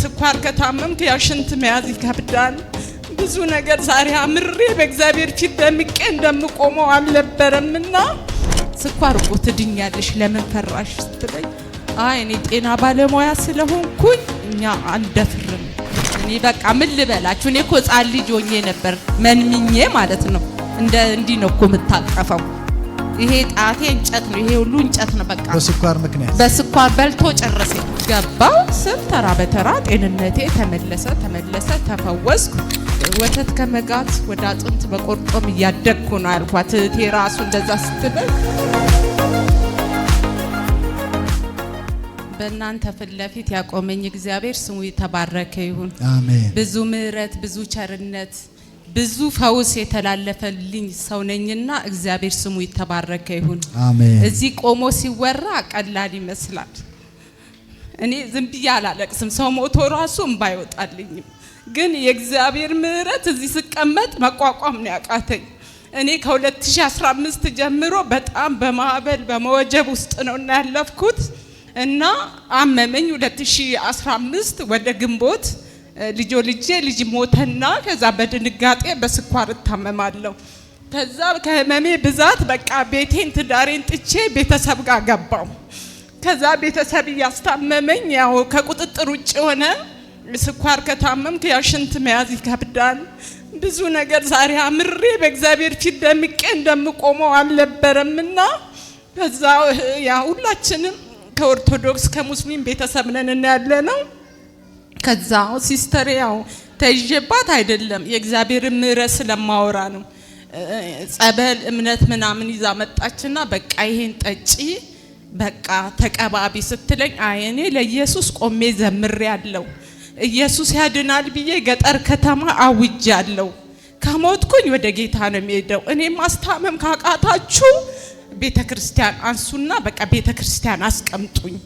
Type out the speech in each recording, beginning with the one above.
ስኳር ከታመምክ ያው ሽንት መያዝ ይከብዳል። ብዙ ነገር ዛሬ አምሬ በእግዚአብሔር ፊት ደምቄ እንደምቆመው አልነበረምና ስኳር እኮ ትድኛለሽ ለምን ፈራሽ ስትለኝ አይ እኔ ጤና ባለሙያ ስለሆንኩኝ እኛ አንደፍርም። እኔ በቃ ምን ልበላችሁ፣ እኔ እኮ ልጅ ሆኜ ነበር መንምኜ ማለት ነው። እንደ እንዲህ ነው እኮ የምታቀፈው ይሄ ጣቴ እንጨት ነው። ይሄ ሁሉ እንጨት ነው። በቃ በስኳር ምክንያት በስኳር በልቶ ጨረሰ። ገባ ስም ተራ በተራ ጤንነቴ ተመለሰ፣ ተመለሰ፣ ተፈወስኩ። ወተት ከመጋት ወደ አጥንት በቆርጦም እያደግኩ ነው ያልኳት እህቴ ራሱ እንደዛ ስትበል በእናንተ ፊት ለፊት ያቆመኝ እግዚአብሔር ስሙ የተባረከ ይሁን። ብዙ ምሕረት ብዙ ቸርነት ብዙ ፈውስ የተላለፈልኝ ሰው ነኝና እግዚአብሔር ስሙ የተባረከ ይሁን። እዚህ ቆሞ ሲወራ ቀላል ይመስላል። እኔ ዝም ብዬ አላለቅስም። ሰው ሞቶ ራሱ እምባ አይወጣልኝም። ግን የእግዚአብሔር ምሕረት እዚህ ስቀመጥ መቋቋም ነው ያቃተኝ። እኔ ከ2015 ጀምሮ በጣም በማዕበል በመወጀብ ውስጥ ነው እና ያለፍኩት እና አመመኝ 2015 ወደ ግንቦት ልጆ ልጄ ልጅ ሞተና ከዛ በድንጋጤ በስኳር እታመማለሁ። ከዛ ከህመሜ ብዛት በቃ ቤቴን ትዳሬን ጥቼ ቤተሰብ ጋር ገባው። ከዛ ቤተሰብ እያስታመመኝ ያው ከቁጥጥር ውጭ የሆነ ስኳር ከታመምክ ያው ሽንት መያዝ ይከብዳል። ብዙ ነገር ዛሬ አምሬ በእግዚአብሔር ፊት ደምቄ እንደምቆመው አልነበረምና ከዛ ያ ሁላችንም ከኦርቶዶክስ ከሙስሊም ቤተሰብ ነን ያለ ነው ከዛው ሲስተር ያው ተይዤባት አይደለም የእግዚአብሔር ምሕረት ስለማወራ ነው። ጸበል እምነት ምናምን ይዛ መጣችና በቃ ይሄን ጠጪ በቃ ተቀባቢ ስትለኝ አይ እኔ ለኢየሱስ ቆሜ ዘምር ያለው ኢየሱስ ያድናል ብዬ ገጠር ከተማ አውጅ ያለው ከሞትኩኝ ወደ ጌታ ነው የሚሄደው። እኔ ማስታመም ካቃታችሁ ቤተ ክርስቲያን አንሱና በቃ ቤተ ክርስቲያን አስቀምጡኝ።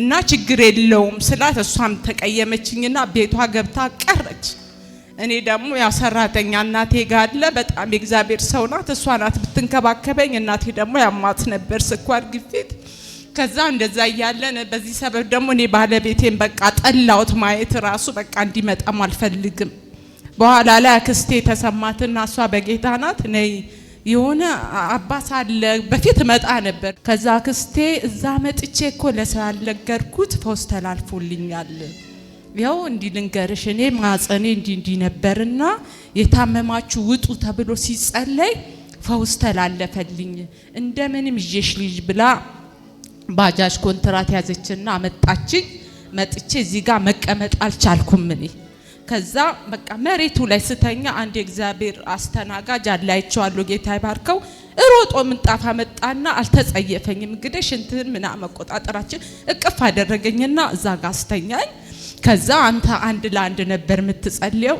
እና ችግር የለውም ስላት እሷም ተቀየመችኝና ቤቷ ገብታ ቀረች። እኔ ደግሞ ያው ሰራተኛ እናቴ ጋለ አለ። በጣም የእግዚአብሔር ሰው ናት፣ እሷ ናት ብትንከባከበኝ። እናቴ ደግሞ ያማት ነበር ስኳር፣ ግፊት። ከዛ እንደዛ እያለን በዚህ ሰበብ ደግሞ እኔ ባለቤቴን በቃ ጠላውት ማየት ራሱ በቃ እንዲመጣም አልፈልግም። በኋላ ላይ አክስቴ ተሰማትና እሷ በጌታ ናት ነይ የሆነ አባት አለ በፊት መጣ ነበር። ከዛ ክስቴ እዛ መጥቼ እኮ ለስላልነገርኩት ፈውስ ተላልፎልኛል። ያው እንዲ ልንገርሽ እኔ ማጸኔ እንዲ እንዲ ነበርና የታመማችሁ ውጡ ተብሎ ሲጸለይ ፈውስ ተላለፈልኝ። እንደምንም ይዤሽ ልጅ ብላ ባጃጅ ኮንትራት ያዘችና አመጣችኝ። መጥቼ እዚህ ጋር መቀመጥ አልቻልኩም እኔ ከዛ በቃ መሬቱ ላይ ስተኛ አንድ የእግዚአብሔር አስተናጋጅ አላይቸዋለሁ ጌታ ይባርከው። እሮጦ ምንጣፍ አመጣና አልተጸየፈኝም። እንግዲህ ሽንትን ምና መቆጣጠራችን እቅፍ አደረገኝና እዛ ጋር አስተኛኝ። ከዛ አንተ አንድ ለአንድ ነበር የምትጸልየው።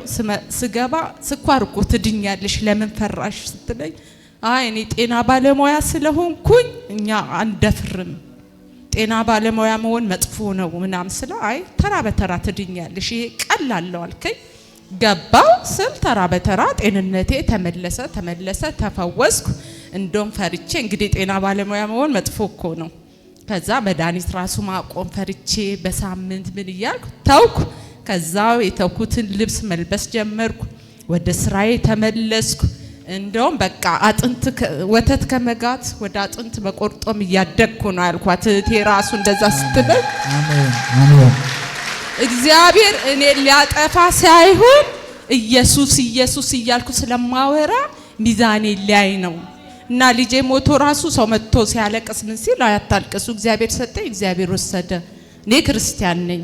ስገባ ስኳር እኮ ትድኛለሽ ለምን ፈራሽ ስትለኝ፣ አይ እኔ ጤና ባለሙያ ስለሆንኩኝ እኛ አንደፍርም ጤና ባለሙያ መሆን መጥፎ ነው ምናም ስለ አይ ተራ በተራ ትድኛለሽ፣ ይሄ ቀላለው አልከኝ። ገባው ስል ተራ በተራ ጤንነቴ ተመለሰ ተመለሰ፣ ተፈወስኩ። እንደም ፈርቼ እንግዲህ ጤና ባለሙያ መሆን መጥፎ እኮ ነው። ከዛ መድኃኒት ራሱ ማቆም ፈርቼ በሳምንት ምን እያልኩ ተውኩ። ከዛው የተውኩትን ልብስ መልበስ ጀመርኩ። ወደ ስራዬ ተመለስኩ። እንደውም በቃ አጥንት ወተት ከመጋት ወደ አጥንት በቆርጦም እያደግኩ ነው ያልኳት እህቴ ራሱ እንደዛ ስትለኝ እግዚአብሔር እኔ ሊያጠፋ ሳይሆን ኢየሱስ ኢየሱስ እያልኩ ስለማወራ ሚዛኔ ሊያይ ነው። እና ልጄ ሞቶ ራሱ ሰው መጥቶ ሲያለቅስ ምን ሲል አያታልቅሱ፣ እግዚአብሔር ሰጠኝ፣ እግዚአብሔር ወሰደ፣ እኔ ክርስቲያን ነኝ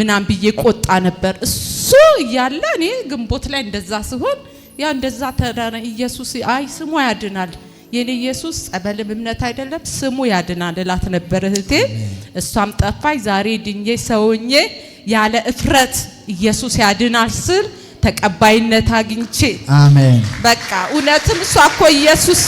ምናምን ብዬ ቆጣ ነበር እሱ እያለ እኔ ግንቦት ላይ እንደዛ ሲሆን ያ እንደዛ ተዳነ ኢየሱስ አይ ስሙ ያድናል የኔ ኢየሱስ ጸበልም እምነት አይደለም ስሙ ያድናል እላት ነበር እህቴ። እሷም ጠፋኝ። ዛሬ ድኜ ሰውኜ ያለ እፍረት ኢየሱስ ያድናል ስል ተቀባይነት አግኝቼ አሜን። በቃ እውነትም እሷ እኮ ኢየሱስ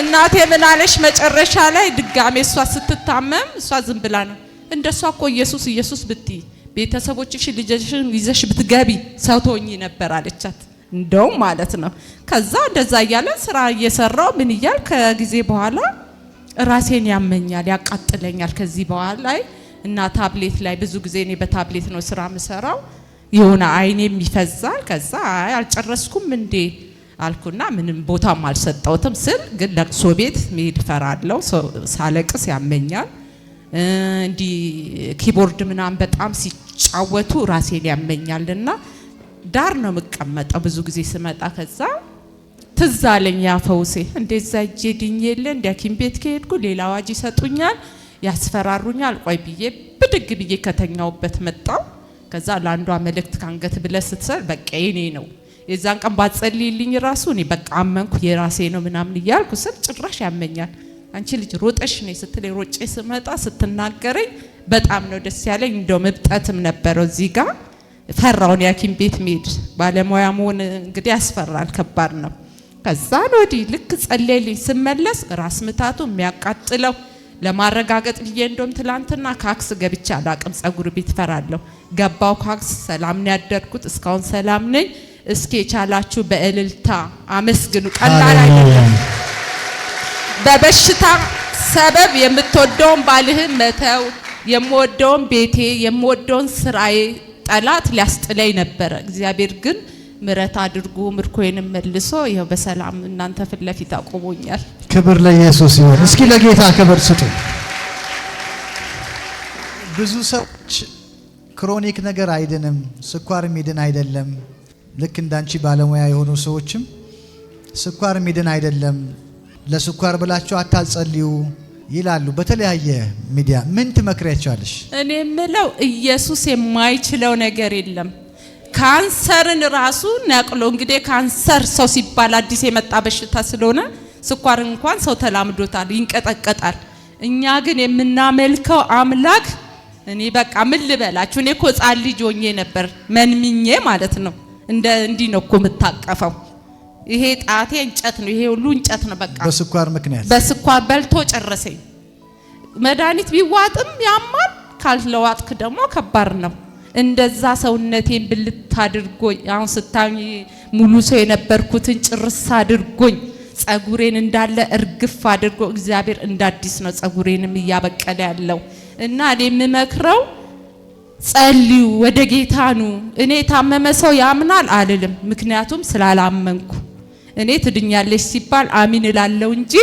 እናቴ ምን አለሽ? መጨረሻ ላይ ድጋሜ እሷ ስትታመም እሷ ዝም ብላ ነው እንደ እሷ እኮ ኢየሱስ ኢየሱስ ብትይ ቤተሰቦችሽ ልጅሽን ይዘሽ ብትገቢ ሰው ትሆኚ ነበር አለቻት። እንደውም ማለት ነው። ከዛ እንደዛ እያለ ስራ እየሰራው ምን እያል ከጊዜ በኋላ ራሴን ያመኛል፣ ያቃጥለኛል። ከዚህ በኋላ ላይ እና ታብሌት ላይ ብዙ ጊዜ እኔ በታብሌት ነው ስራ ምሰራው የሆነ አይኔም ይፈዛል። ከዛ አይ አልጨረስኩም እንዴ አልኩና ምንም ቦታም አልሰጠውትም ስል ግን ለቅሶ ቤት መሄድ እፈራለሁ። ሳለቅስ ያመኛል። እንዲህ ኪቦርድ ምናምን በጣም ሲጫወቱ ራሴን ያመኛልና ዳር ነው የምቀመጠው። ብዙ ጊዜ ስመጣ ከዛ ትዝ አለኝ ያ ፈውሴ። እንደዛ እጄ ድኜ የለ እንዲ ሐኪም ቤት ከሄድኩ ሌላ አዋጅ ይሰጡኛል፣ ያስፈራሩኛል። ቆይ ብዬ ብድግ ብዬ ከተኛውበት መጣው። ከዛ ለአንዷ መልእክት ከአንገት ብለ ስትሰር በቃ የኔ ነው የዛን ቀን ባጸልይልኝ ራሱ እኔ በቃ አመንኩ፣ የራሴ ነው ምናምን እያልኩ ስል ጭራሽ ያመኛል። አንቺ ልጅ ሮጠሽ ነ ስትል ሮጬ ስመጣ ስትናገረኝ በጣም ነው ደስ ያለኝ። እንደው መብጠትም ነበረው እዚህ ጋር ፈራውን የሐኪም ቤት ሜድ ባለሙያ መሆን እንግዲህ ያስፈራል፣ ከባድ ነው። ከዛን ወዲህ ልክ ጸለይልኝ ስመለስ ራስ ምታቱ የሚያቃጥለው ለማረጋገጥ ብዬ እንደውም ትላንትና ካክስ ገብቼ አላቅም፣ ጸጉር ቤት ፈራለሁ። ገባው ካክስ ሰላም ነው ያደርኩት፣ እስካሁን ሰላም ነኝ። እስኪ የቻላችሁ በእልልታ አመስግኑ። ቀላል አይደለም። በበሽታ ሰበብ የምትወደውን ባልህን መተው፣ የምወደውን ቤቴ፣ የምወደውን ስራዬ ጠላት ሊያስጥለኝ ነበረ። እግዚአብሔር ግን ምረት አድርጎ ምርኮዬንም መልሶ ይኸው በሰላም እናንተ ፊት ለፊት አቆሞኛል። ክብር ለኢየሱስ ይሁን። እስኪ ለጌታ ክብር ስጡ። ብዙ ሰዎች ክሮኒክ ነገር አይድንም፣ ስኳር ሚድን አይደለም። ልክ እንዳንቺ ባለሙያ የሆኑ ሰዎችም ስኳር ሚድን አይደለም፣ ለስኳር ብላችሁ አታጸልዩ ይላሉ በተለያየ ሚዲያ። ምን ትመክሪያቸዋለሽ? እኔ የምለው ኢየሱስ የማይችለው ነገር የለም። ካንሰርን ራሱ ነቅሎ እንግዲህ ካንሰር ሰው ሲባል አዲስ የመጣ በሽታ ስለሆነ ስኳር እንኳን ሰው ተላምዶታል፣ ይንቀጠቀጣል። እኛ ግን የምናመልከው አምላክ እኔ በቃ ምን ልበላችሁ፣ እኔ እኮ ልጅ ሆኜ ነበር መንምኜ ማለት ነው። እንደ እንዲህ ነው እኮ የምታቀፈው ይሄ ጣቴ እንጨት ነው። ይሄ ሁሉ እንጨት ነው። በቃ በስኳር ምክንያት በስኳር በልቶ ጨረሰኝ። መድኃኒት ቢዋጥም ያማል፣ ካልለዋጥክ ደግሞ ከባድ ነው። እንደዛ ሰውነቴን ብልት አድርጎኝ አሁን ስታኝ ሙሉ ሰው የነበርኩትን ጭርስ አድርጎኝ ጸጉሬን እንዳለ እርግፍ አድርጎ እግዚአብሔር እንደ አዲስ ነው ጸጉሬንም እያበቀለ ያለው እና እኔ የምመክረው ጸልዩ፣ ወደ ጌታ ኑ። እኔ የታመመ ሰው ያምናል አልልም፣ ምክንያቱም ስላላመንኩ እኔ ትድኛለች ሲባል አሚን እላለሁ እንጂ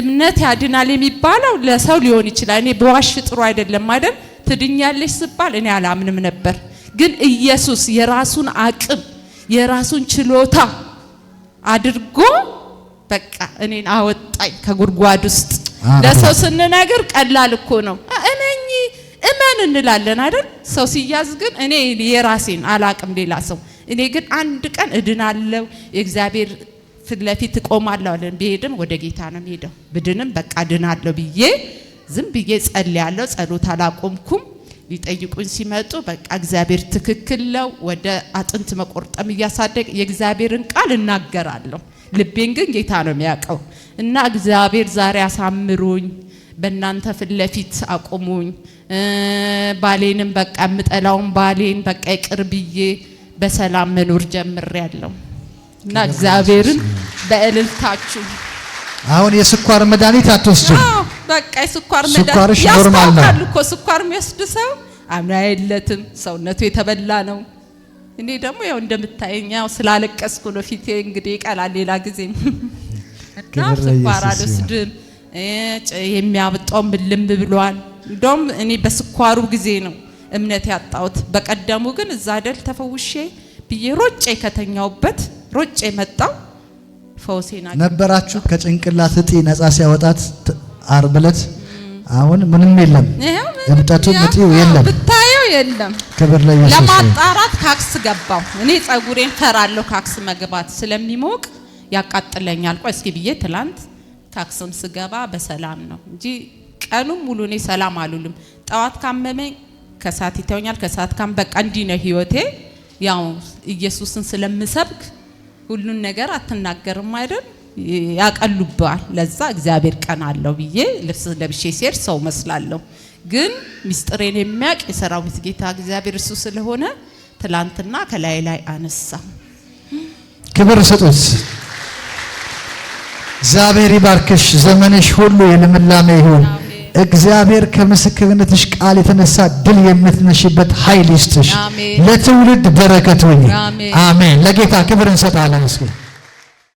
እምነት ያድናል የሚባለው ለሰው ሊሆን ይችላል። እኔ በዋሽ ጥሩ አይደለም አይደል? ትድኛለች ሲባል እኔ አላምንም ነበር። ግን ኢየሱስ የራሱን አቅም የራሱን ችሎታ አድርጎ በቃ እኔን አወጣኝ ከጉድጓድ ውስጥ። ለሰው ስንነግር ቀላል እኮ ነው እመን እንላለን አይደል? ሰው ሲያዝ ግን እኔ የራሴን አላቅም ሌላ ሰው እኔ ግን አንድ ቀን እድናለሁ የእግዚአብሔር ፊት ለፊት እቆማለሁ አለ። ብሄድም ወደ ጌታ ነው የሄደው ብድንም በቃ እድናለው ብዬ ዝም ብዬ ጸልያለሁ። ጸሎት አላቆምኩም። ሊጠይቁኝ ሲመጡ በቃ እግዚአብሔር ትክክል ነው። ወደ አጥንት መቆርጠም እያሳደግ የእግዚአብሔርን ቃል እናገራለሁ። ልቤን ግን ጌታ ነው የሚያውቀው እና እግዚአብሔር ዛሬ አሳምሩኝ በእናንተ ፊት ለፊት አቁሙኝ። ባሌንም በቃ የምጠላውን ባሌን በቃ ይቅር ብዬ በሰላም መኖር ጀምሬያለሁ እና እግዚአብሔርን በእልልታችሁ አሁን የስኳር መድኃኒት አትወስጂም። በቃ የስኳር መድኃኒት ያስታውቃል እኮ ስኳር የሚወስድ ሰው አምና የለትም ሰውነቱ የተበላ ነው። እኔ ደግሞ ያው እንደምታየኝ ያው ስላለቀስኩ ነው ፊቴ እንግዲህ ይቀላል። ሌላ እና ስኳር አልወስድም። የሚያብጠው ምልም ብሏል። እንደውም እኔ በስኳሩ ጊዜ ነው እምነት ያጣሁት። በቀደሙ ግን እዛ አይደል ተፈውሼ ብዬ ሮጬ ከተኛውበት ሮጬ መጣው። ፈውሴና ነበራችሁ ከጭንቅላት እጢ ነጻ ሲያወጣት አርብለት ዕለት አሁን ምንም የለም፣ እብጠቱ እጢው የለም፣ ብታየው የለም። ክብር ለኢየሱስ። ለማጣራት ካክስ ገባው። እኔ ጸጉሬን ፈራለሁ ካክስ መግባት ስለሚሞቅ ያቃጥለኛል። ቆይ እስኪ ብዬ ትላንት ካክስም ስገባ በሰላም ነው እንጂ ቀኑም ሙሉ እኔ ሰላም አሉልም። ጠዋት ካመመኝ ከሰዓት ይተውኛል፣ ከሰዓት ካም በቃ እንዲህ ነው ህይወቴ። ያው ኢየሱስን ስለምሰብክ ሁሉን ነገር አትናገርም አይደል ያቀሉባል። ለዛ እግዚአብሔር ቀን አለው ብዬ ልብስ ለብሼ ሲሄድ ሰው መስላለሁ፣ ግን ሚስጥሬን የሚያውቅ የሰራዊት ጌታ እግዚአብሔር እሱ ስለሆነ ትላንትና ከላይ ላይ አነሳ። ክብር ስጡት። እግዚአብሔር ይባርክሽ። ዘመንሽ ሁሉ የልምላሜ ይሁን። እግዚአብሔር ከምስክርነትሽ ቃል የተነሳ ድል የምትነሽበት ኃይል ይስጥሽ። ለትውልድ በረከት ሁኚ። አሜን። ለጌታ ክብር እንሰጣለን።